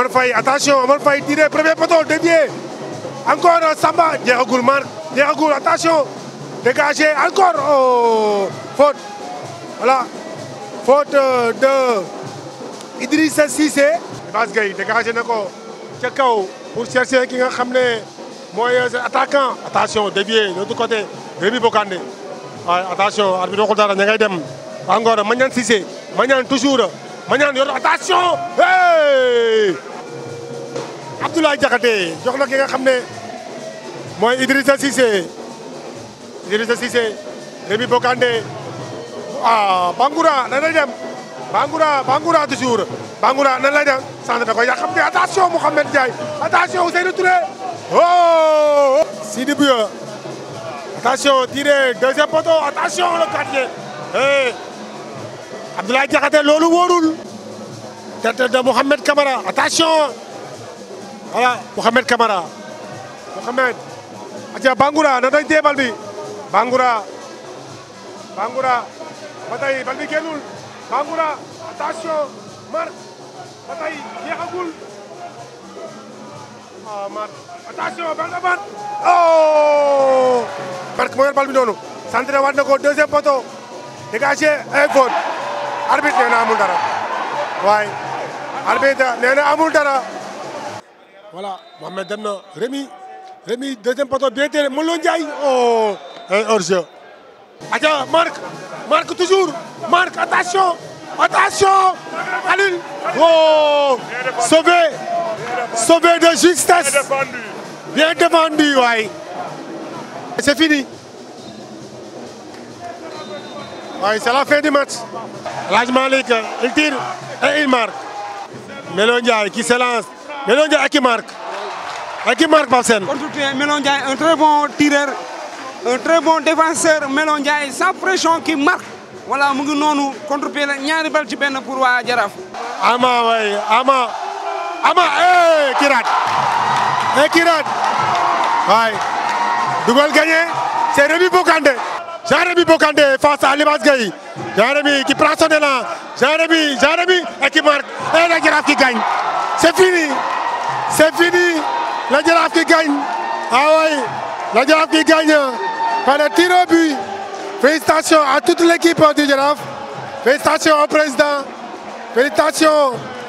Omar Faye attention Omar Faye tiré premier poteau dévié encore euh, Samba jeexagul marque jeexagul attention dégagé encore oh faute voilà faute euh, de Idrissa Cissé. Bass Gueye dégagé na ko pour chercher ki nga xam ne mooy euh, attaquant attention dévié de l'autre côté Rémi Bokandé waaw attention arbitre waxul dara dem encore Mañan Cissé Mañan toujours Mañan yor attention hey Abdoulaye Diakhaté jox na xam ne mooy Idrissa Cissé Idrissa Cissé Rémi Bokandé ah Bangoura nan lay dem Bangoura Bangoura toujours Bangoura nan lay dem centre da koy xam ne attention Mouhamed Ndiaye attention Ousseynou Touré oh, oh. Sidi Bouya attention tiré deuxième poteau attention le quartier eh Abdoulaye Diakhaté loolu wóorul tête de Mouhamed Camara attention. voilà Mouhamed Camara Mouhamed aca Bangoura na dañ tee bal bi Bangoura Bangoura ba tey bal bi génnul Bangoura attention Mar ba tey jeexagul ah barke moo yor noonu centré waat na ko deuxième poteau dégagé un faute arbitre amul dara waaye arbitre nee amul dara voilà Mohamed Demna, Rémi Rémi deuxième poteau bien tiré Moulondiaï, oh un hors-jeu. Marc Marc toujours Marc attention attention Allez. oh sauvé sauvé de justesse bien défendu ouais. c'est fini Ouais, c'est la fin du match. Raj Malik, il tire et il marque. Moulondiaï qui se lance. Mélon Ndiaye ak i marque ak i marque Pape Sène. contre Mélon Ndiaye bon tireur un très bon défenseur Mélon Ndiaye sans pression qui marque mu ngi noonu contre pied ñaari bal ci benn pour waa Jaraaf. Ama waay Ama Ama eh Kirat eh Kirat waay dugal gagné c'est Rémi Bocandé Jérémy Bocandé face à Libasse Gueye Jérémy qui prend son élan Jérémy Jérémy et qui marque et la Jaraaf qui gagne. C'est fini. C'est fini. La girafe qui gagne. Ah la girafe qui gagne par le tir au but. Félicitations à toute l'équipe du girafe. Félicitations au président. Félicitations